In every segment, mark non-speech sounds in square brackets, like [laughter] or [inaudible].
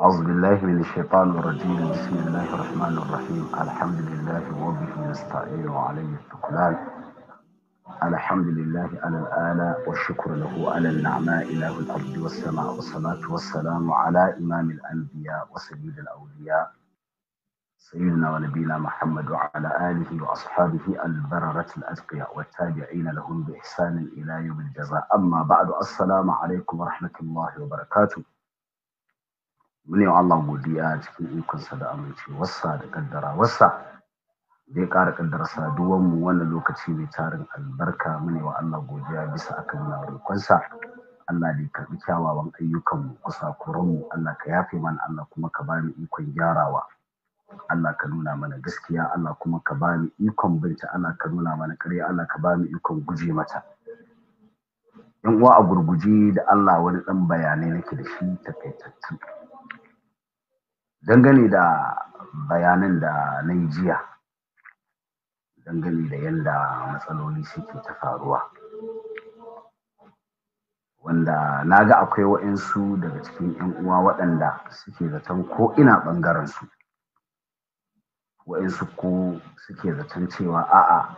أعوذ بالله من الشيطان الرجيم بسم الله الرحمن الرحيم الحمد لله وبه نستعين وعليه التكلان الحمد لله على الآلاء والشكر له على النعماء إله الأرض والسماء والصلاة والسلام على إمام الأنبياء وسيد الأولياء سيدنا ونبينا محمد وعلى آله وأصحابه البررة الأتقياء والتابعين لهم بإحسان إلى يوم الجزاء أما بعد السلام عليكم ورحمة الله وبركاته mune Allah godiya cikin ikonsa da amincewarsa da kaddara wassa zai ƙara kaddarsa duwan mu wannan lokaci mai tarin albarka mune wa Allah godiya bisa akan na roƙonsa Allah da ya karɓi kyawawan ayyukan mu kusa mu Allah ka yafe mana Allah kuma ka bani ikon gyarawa Allah ka nuna mana gaskiya Allah kuma ka bani ikon binta Allah ka nuna mana ƙarya Allah ka bani ikon guje mata In uwa a gurguje da Allah wani ɗan bayanai nake da shi takaitattu dangane da bayanan da na jiya dangane da yadda matsaloli suke ta faruwa wanda na ga akwai wa'insu daga cikin 'yan uwa waɗanda suke zaton ko ina ɓangaren su wa'insu ko suke zaton cewa a'a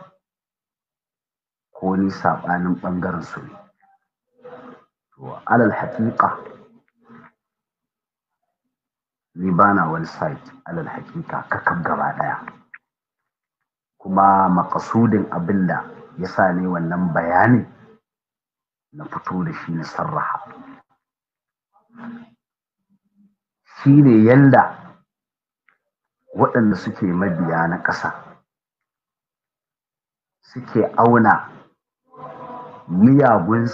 ko ni saɓanin ɓangarensu ne to alal haƙiƙa ni ba na wani site alal hakika kakan gaba ɗaya kuma makasudin abin da ya sa ne wannan bayani na fito da shi na sarraha shi ne yadda waɗanda suke mabiya na ƙasa suke auna miyagun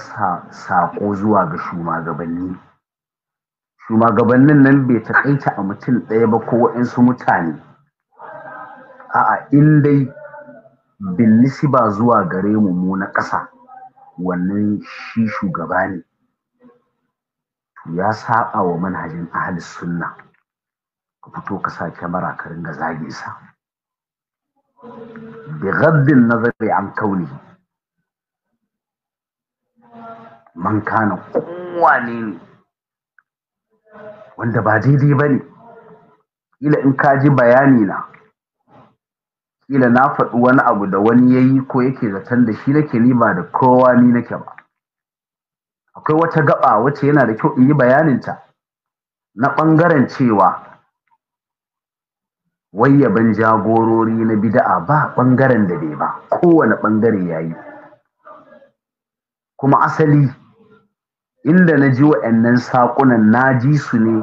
saƙo zuwa ga shugabanni shugabannin nan bai takaita a mutum ɗaya ba ko waɗansu mutane a'a in dai billisi ba zuwa gare mu mu na ƙasa wannan shi shugaba ne ya saɓa wa manhajin ahli sunna ka fito ka sa kyamara ka ringa zage sa bi ghaddin nazari an kauni man kana kowane ne wanda ba daidai ba ne ƙila in ka ji bayani na ƙila na faɗi wani abu da wani ya yi ko yake zaton da shi nake ni ba da kowa ni nake ba akwai wata gaba wacce yana da kyau in yi bayaninta na ɓangaren cewa wayyaban jagorori na bida'a ba ɓangaren da bai ba kowane ɓangare ya yi kuma asali inda na ji wa'annan sakunan na ji su ne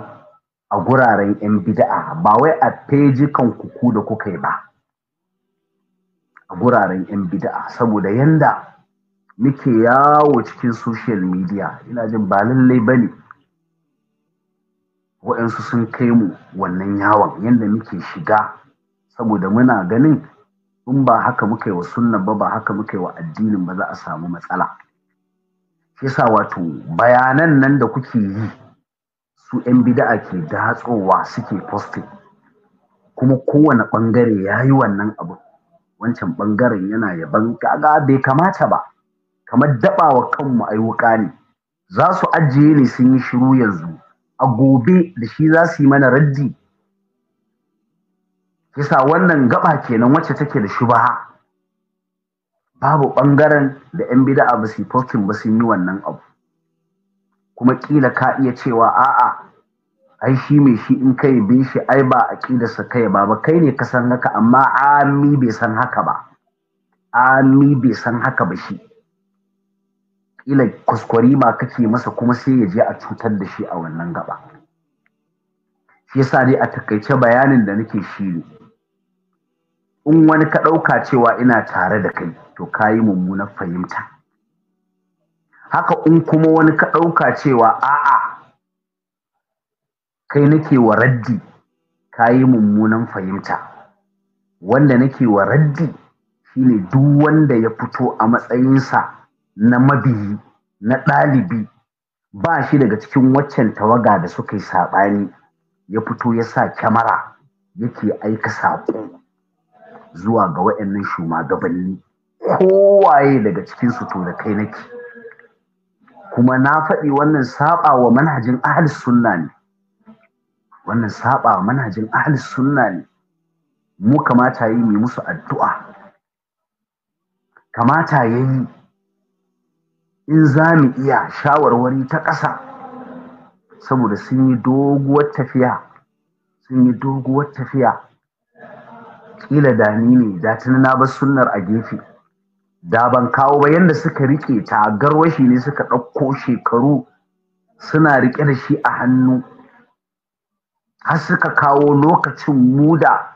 a guraren 'yan bida'a ba wai a fejikan kuku da kuka yi ba a guraren 'yan bida'a saboda yanda muke yawo cikin social media ina jin ba lallai ba ne wa'ansu sun kai mu wannan yawon yanda muke shiga saboda muna ganin in ba haka muka yi wa sunan ba ba haka muka yi wa addinin ba za a samu matsala Kisa wato bayanan nan da kuke yi su 'yan bida'a ke datsowa suke posting kuma kowane ɓangare ya yi wannan abu wancan ɓangaren yana yaban kaga bai kamata ba kamar daɓawa kanmu ai wuƙa ne za su ajiye ne sun yi shiru yanzu a gobe da shi za su yi mana raddi yasa wannan gaba kenan wacce take da shubaha babu ɓangaren da 'yan bida'a ba su fokin ba sun yi wannan abu kuma ƙila ka iya cewa a'a ai shi mai shi in kai bi shi ai ba a ƙidarsa kai ba ba kai ne ka san haka amma ami bai san haka ba ami bai san haka ba shi ƙila kuskure ma kake masa kuma sai ya je a cutar da shi a wannan gaba shi yasa dai a takaice bayanin da nake shi ne in wani ka ɗauka cewa ina tare da kai to ka yi mummunar fahimta haka in kuma wani ka ɗauka cewa a'a kai nake wa raddi ka yi mummunan fahimta wanda nake wa raddi shine duk wanda ya fito a matsayinsa na mabiyi na ɗalibi ba shi daga cikin waccan tawaga da suka yi saɓani ya fito ya sa kyamara yake aika saƙo zuwa ga wa'annan shugabanni kowaye daga cikinsu to da kai nake kuma na faɗi wannan saba wa manhajin ahal sunna ne wannan saba wa manhajin ahli sunna ne mu kamata yi mu musu addu'a kamata ya yi in za mu iya shawarwari ta ƙasa saboda sun yi doguwar tafiya sun yi doguwar tafiya kila da ni ne da tuni na bar sunnar a gefe da ban kawo ba yanda suka rike ta garwashi ne suka ɗauko shekaru suna rike da shi a hannu har suka kawo lokacin muda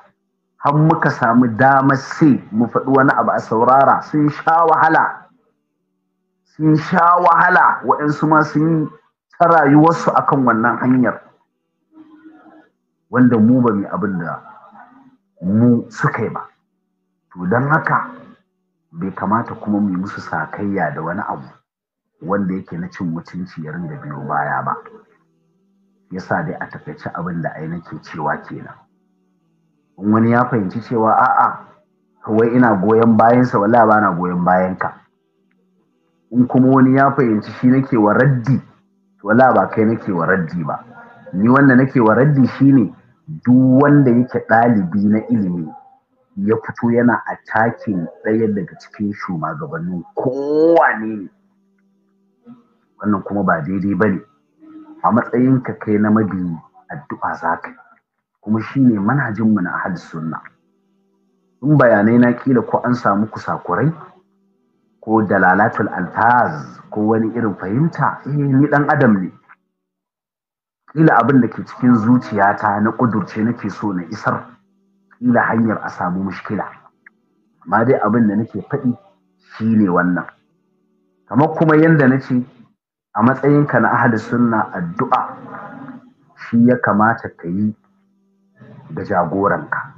har muka samu damar sai mu faɗi wani abu a saurara sun sha wahala sun sha wahala waɗansu ma sun yi ta rayuwarsu akan wannan hanyar wanda mu ba mai abin da mu suka yi ba to don haka bai kamata kuma mu yi musu sakayya da wani abu wanda yake na cin mutunci ya ringa biyo baya ba yasa dai a takaice abin da ai nake cewa kenan in wani ya fahimci cewa a'a kawai ina goyon bayansa wallahi ba na goyon bayanka in kuma wani ya fahimci shi nake wa raddi wallahi ba kai nake wa raddi ba ni wanda nake wa raddi shine duk wanda yake ɗalibi na ilimi ya fito yana a takin ɗaya daga cikin shugabannin kowane wannan kuma ba daidai ba ne a matsayinka kai na mabi addu'a za ka yi kuma shi ne manhajinmu na ahad sunna in bayanai na kila ko an samu kusakurai ko dalalatul alfaz ko wani irin fahimta eh ni dan adam ne kila abin da ke cikin zuciyata na ƙudurce nake so na isar kila hanyar a samu mushkila amma dai abin da nake faɗi shine wannan kamar kuma yadda na ce a matsayinka na ahli sunna addu'a shi ya kamata ka yi da jagoranka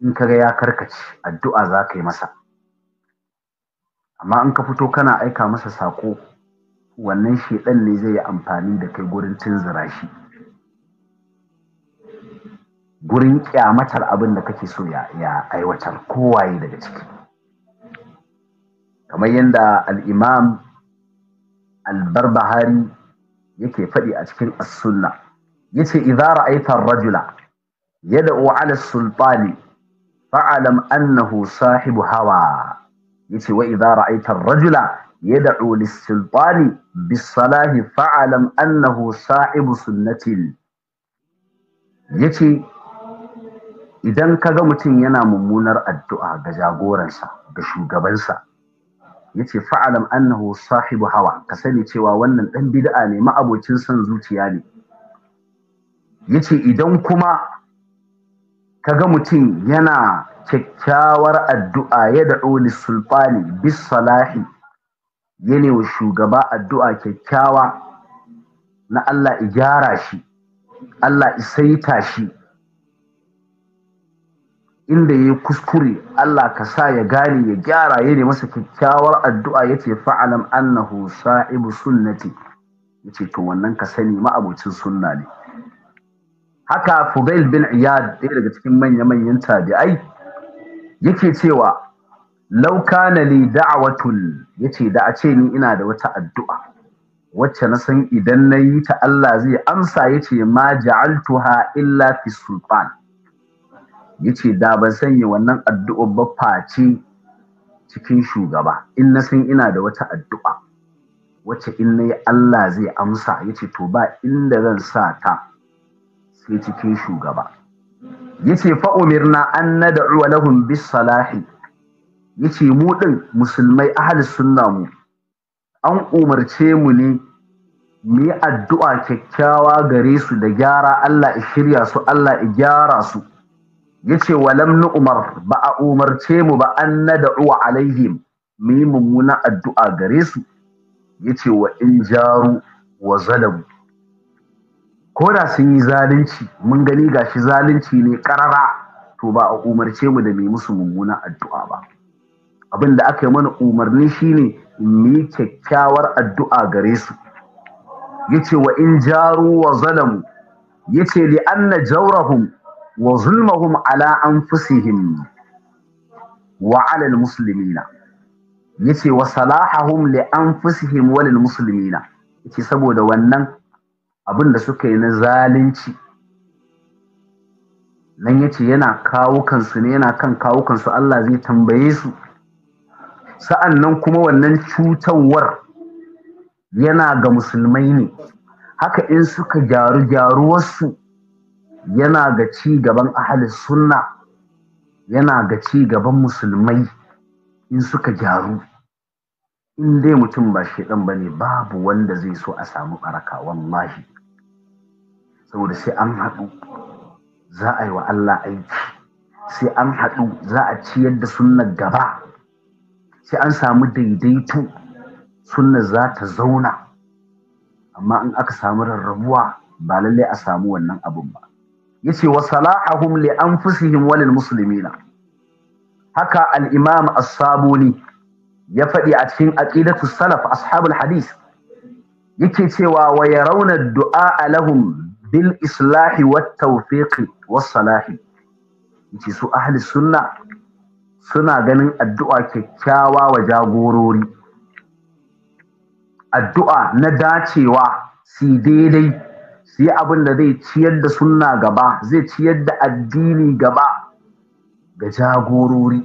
in ka ga ya karkace addu'a za ka yi masa amma in ka fito kana aika masa saƙo wannan shedan ne zai yi amfani da kai gurin tunzura shi gurin kyamatar abin da kake so ya aiwatar kowaye daga ciki kamar yadda al'imam albarbahari yake faɗi a cikin as-sunna yace iza ra'aitar rajula ya 'ala as-sultani fa'alam annahu sahibu hawa yace wa idza ra'aita rajula يدعو للسلطان بالصلاة فاعلم أنه صاحب سنة yace idan ka ga mutum yana mummunar addu'a ga jagoransa ga shugabansa yace fa'alam annahu sahibu hawa ka sani cewa wannan dan bid'a ne ma'abocin son zuciya ne yace idan kuma ka ga mutum yana kyakkyawar addu'a ya da sulfani bis salahi yene wa shugaba addu'a kyakkyawa na Allah gyara shi Allah isaita shi inda ya kuskure Allah ka sa ya gane ya gyara yene masa kyakkyawar addu'a ya ce fa'alam annahu sa'ibu sunnati ya ce to wannan ka sani ma'abucin sunna ne haka fudail bin iyad ɗaya daga cikin manya-manyan tabi'ai yake cewa lauka na li da'awatun ya ce da a ce ni ina da wata addu'a wacce na san idan na yi ta Allah zai amsa Yace ma ja'altuha illa fi sultan ya da ban sanya wannan addu'a ba face cikin shugaba in na san ina da wata addu'a wace in na yi Allah zai amsa Yace to ba inda zan sa ta sai cikin shugaba Yace fa fa'umirna an na da'uwa lahun bis salahi yace mu ɗin musulmai ahli sunna mu an umarce mu ne mu yi addu'a kyakkyawa gare su da gyara Allah ya shirya su Allah ya gyara su yace walam nu umar ba a umarce mu ba an nad'u alaihim mu yi mummuna addu'a gare su yace wa in jaru wa zalamu ko da sun yi zalunci mun gani gashi zalunci ne karara to ba a umarce mu da mu musu mummuna addu'a ba abin da aka yi mana umarni shine mu yi kyakkyawar addu'a gare su yace wa in jaru wa zalamu yace li anna jawrahum wa zulmahum ala anfusihim wa ala almuslimina yace wa salahahum li anfusihim wa lil muslimina yace saboda wannan abin da suka yi na zalunci nan yace yana kawukansu ne yana kan kawukansu. Allah zai tambaye su sa'an nan kuma wannan cutarwar yana ga musulmai ne haka in suka gyaru gyaruwarsu yana ga ci gaban ahalin sunna yana ga ci gaban musulmai in suka gyaru in dai mutum ba shaidan ba ne babu wanda zai so a samu baraka wallahi saboda sai an haɗu za a yi wa Allah aiki sai an haɗu za a ciyar da sunnar gaba sai an samu daidaito sunna za ta zauna amma in aka samu rarrabuwa ba lalle a samu wannan abun ba yace wa salahahum li anfusihim wa lil muslimina haka al-imam as-sabuni ya faɗi a cikin aqidatu salaf ashabul hadith yake cewa wa yarawna du'a lahum bil islahi wat tawfiq was salahi yace su ahli sunna suna ganin addu'a kyakkyawa wa jagorori addu'a na dacewa su daidai su yi abin da zai ciyar da sunna gaba zai ciyar da addini gaba ga jagorori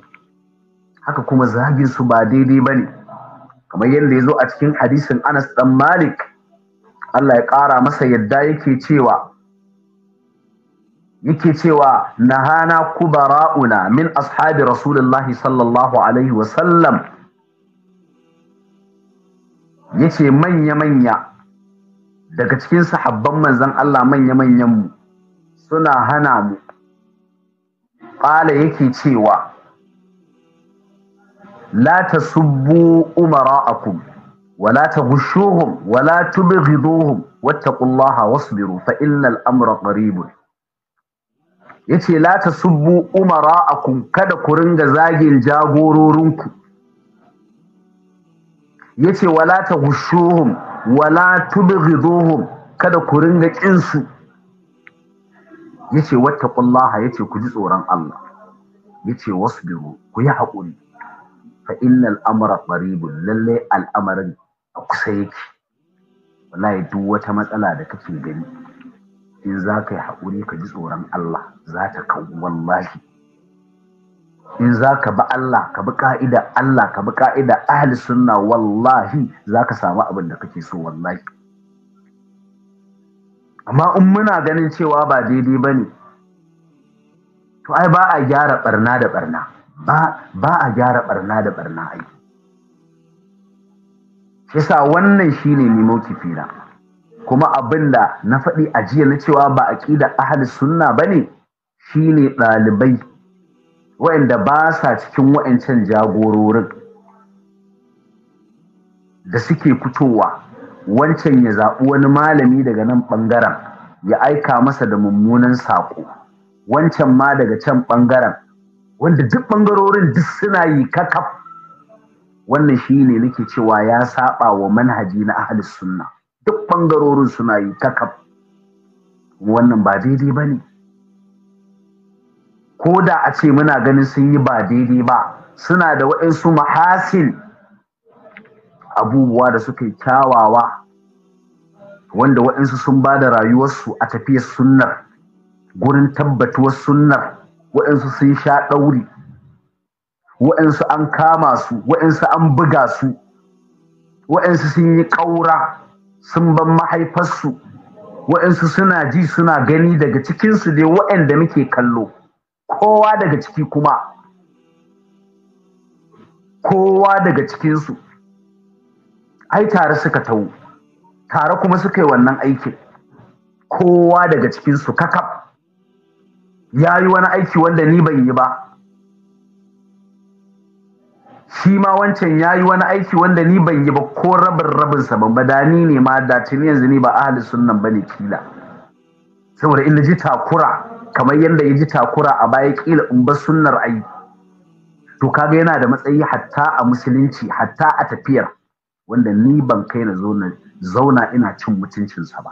haka kuma zagin su ba daidai ba ne kamar yadda ya zo a cikin hadisin anas ɗan malik allah ya ƙara masa yadda yake cewa yake cewa nahana kubara'una min ashabi rasulullahi sallallahu alaihi wasallam yace manya-manya daga cikin sahabban manzan Allah manya-manyan mu suna hana mu ƙala yake cewa la tasubbu umara'akum ولا تغشوهم ولا تبغضوهم واتقوا الله واصبروا فإن الأمر ƙaribun yace la tasubbu umara'akum kada ku ringa zagin jagororinku yace wala taghshuhum wala tubghiduhum kada ku ringa kinsu yace ya yace ku ji tsoron Allah yace wasbiru ku yi haƙuri fa inna al'amura ɓaribu lalle al'amarin a kusa yake Wala duk wata matsala da kake gani in za ka yi haƙuri ka ji tsoron Allah za ta kawo wallahi in za ka bi Allah ka bi ƙa'ida Allah ka bi ƙa'ida ahli sunna wallahi za ka samu abin da kake so wallahi amma in muna ganin cewa ba daidai ba ne to ai ba a gyara barna da barna ba a gyara barna da barna ai yasa wannan shine ne mawkifi kuma abin da na faɗi a jiya na cewa ba a ƙi da ahal sunna ba ne shi ne ɗalibai waɗanda ba sa cikin wa'ancan jagororin da suke fitowa wancan ya zaɓi wani malami daga nan ɓangaren ya aika masa da mummunan saƙo wancan ma daga can ɓangaren wanda duk ɓangarorin duk suna yi kakaf wannan shi ne nake cewa ya saɓa wa manhaji na ahli sunna duk ɓangarorin suna yi kaf wannan ba daidai ba ne ko da a ce muna ganin sun yi ba daidai ba suna da waɗansu mahasil abubuwa da suka yi kyawawa wanda waɗansu sun ba da rayuwarsu a tafiyar sunnar gurin tabbatuwar sunnar waɗansu sun sha ɗauri waɗansu an kama su waɗansu an buga su waɗansu sun yi ƙaura sun ban mahaifarsu waɗansu suna ji suna gani daga cikinsu dai waɗanda muke kallo kowa daga ciki kuma kowa daga cikinsu ai tare suka tau tare kuma suka yi wannan aikin kowa daga cikinsu kakaf ya yi wani aiki wanda ni ban yi ba shi ma wancan ya yi wani aiki wanda ni ban yi ba ko rabin rabin sa ba da ni ne ma da tuni yanzu ni ba ahli sunnan ba ne kila saboda in ji takura kamar yadda ya ji takura a baya kila in ba sunnar ai to kaga yana da matsayi hatta a musulunci hatta a tafiyar wanda ni ban kai na zauna ina cin mutuncinsa ba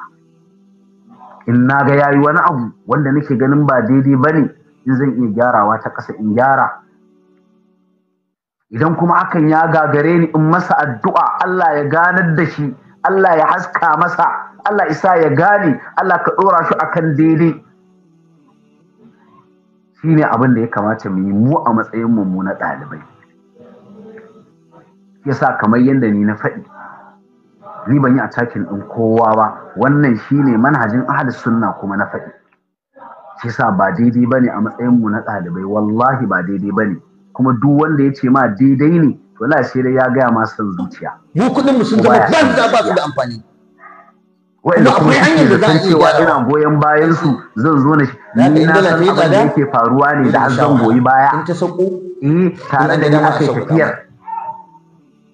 in na ga yayi wani abu wanda nake ganin ba daidai bane in zan iya gyarawa ta kasa in gyara idan kuma hakan ya gagare ni in masa addu'a Allah ya ganar da shi Allah ya haska masa Allah isa ya gane Allah ka ɗora shi akan daidai Shi abin da ya kamata mu yi mu a matsayin mu na ɗalibai yasa kamar yadda ni na faɗi ni ban yi cakin ɗin kowa ba wannan shine manhajin ahlus sunna kuma na faɗi shi ba daidai bane a matsayin mu na ɗalibai wallahi ba daidai bane kuma duk wanda ya ce ma daidai ne to la sai dai ya gaya ma son zuciya mu kudin mu sun zama banza ba su da amfani Wai da kuma suke da san cewa ina goyon bayan su zan zo na shi ni na san abin da yake faruwa ne da an zan goyi baya in ta sako eh tare da ni aka tafiya tafiyar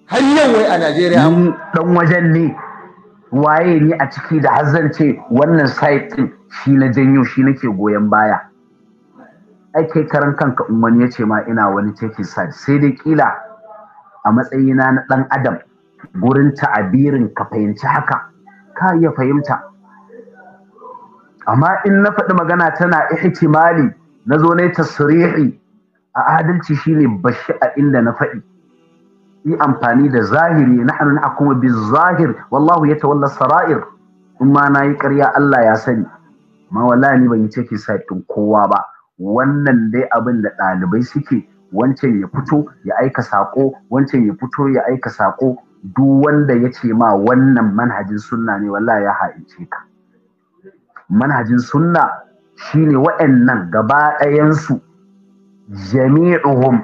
har yau wai a Najeriya ni dan wajen ne waye ne a ciki da har wannan site shi na janyo shi nake goyon baya ai kai karan kanka in wani ya ce ma ina wani taking side sai dai kila a matsayina na ɗan adam gurin ta'abirin ka fahimci haka ka iya fahimta amma in na faɗi magana tana ihtimali na zo na tasrihi a adalci shine bashi a inda na faɗi yi amfani da zahiri na hannun akuma bi zahir wallahu ya tawalla sara'ir in ma na yi ƙarya Allah ya sani ma wallahi ni ban yi cikin ɗin kowa ba wannan dai abin da ɗalibai suke wancan ya fito ya aika saƙo wancan ya fito ya aika saƙo duk wanda ya ce ma wannan manhajin sunna ne wallahi ya ha'ince ka manhajin sunna shine wa'annan gaba ɗayansu jami'uhum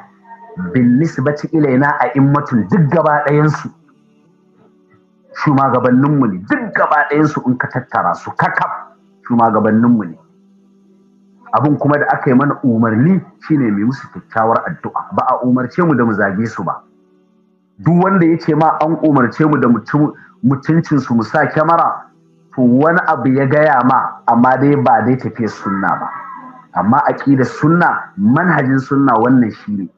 bin nisbati ilaina a immatun duk gaba ɗayansu shugabanninmu ne duk gaba ɗayansu in ka tattara su kakaf shugabanninmu ne abin kuma da aka yi mana umarni shine mai musu kyakkyawar addu'a ba a umarce mu da mu zage su ba duk wanda ya ce ma an umarce mu da mutuncinsu mu sa kyamara to wani abu ya gaya ma amma dai ba dai tafiya sunna ba amma da sunna manhajin sunna wannan shine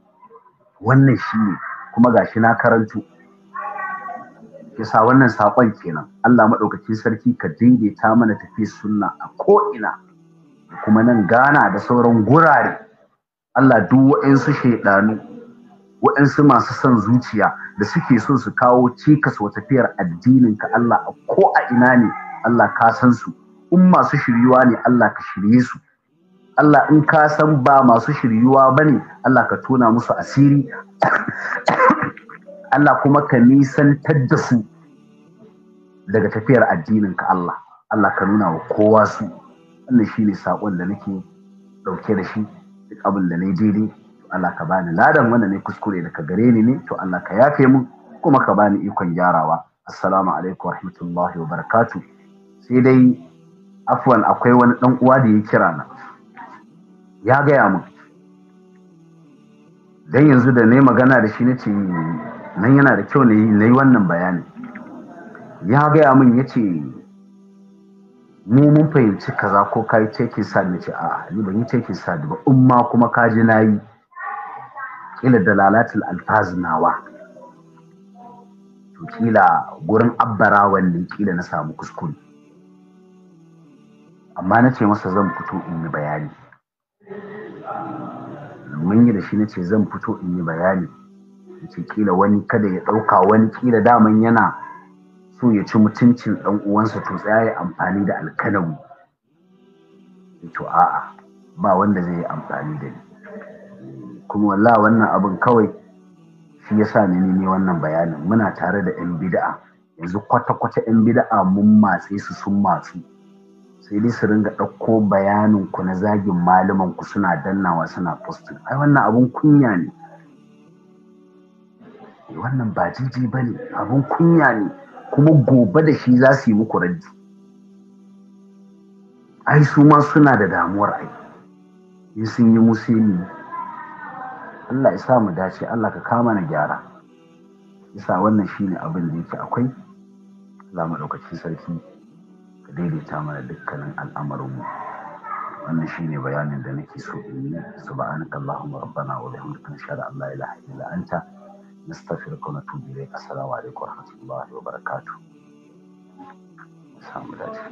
wannan shine kuma gashi na karantu. yasa wannan sakon kenan Allah maɗaukacin sarki ka daidaita mana tafiya sunna a ko'ina. kuma nan gana da sauran gurare Allah duk waɗansu shaidanu waɗansu masu son zuciya da suke son su kawo cikas wa tafiyar addinin ka Allah ko a ina ne Allah ka san su in masu shiryuwa ne Allah ka shirye su Allah in ka san ba masu shiryuwa ba ne Allah ka tona musu asiri [coughs] Allah kuma ka nisantar da su daga tafiyar addinin ka Allah Allah ka nuna wa kowa su wannan shi ne saƙon da nake ɗauke da shi duk abin da na daidai to Allah ka bani ladan wanda ne kuskure da ka gare ni ne to Allah ka yafe mu kuma ka bani ikon gyarawa assalamu alaikum warahmatullahi wabarakatu sai dai afwan akwai wani dan uwa da ya kira na ya gaya mu dan yanzu da nayi magana da shi na ce nan yana da kyau na yi wannan bayani ya gaya mun yace ce Ni mun fahimci kaza ko ka yi taking side na ce a ni ban yi take side ba umma kuma ka ji na yi kila dalalatul alfaz nawa to kila gurin abbara wanne kila na samu kuskure amma na ce masa zan fito in yi bayani mun yi da shi na ce zan fito in yi bayani ce kila wani kada ya ɗauka wani kila daman yana so ya ci mutuncin ɗan uwansa to ya ya amfani da alkalamu to a'a ba wanda zai yi amfani da ni kuma walla wannan abin kawai shi yasa ni ne wannan bayanin muna tare da yan bida'a yanzu kwata-kwata yan bida'a mun matse su sun matsu sai dai su ringa ɗauko bayanin ku na zagin malaman ku suna dannawa suna postin ai wannan abun kunya ne wannan ba jiji ba ne abun kunya ne kuma gobe da shi za su yi muku raddi ai su ma suna da damuwar ai in sun yi musulmi Allah ya sa mu dace Allah ka kama na gyara Yasa wannan shine abin da yake akwai Allah maɗaukacin sarki ka daidaita mana dukkanin al'amarinmu wannan shine bayanin da nake so in yi subhanakallahumma rabbana wa bihamdika nashhadu an la ilaha illa anta Nastaghfiruka wa Assalamu alaikum warahmatullahi wabarakatuh. Samu lafiya.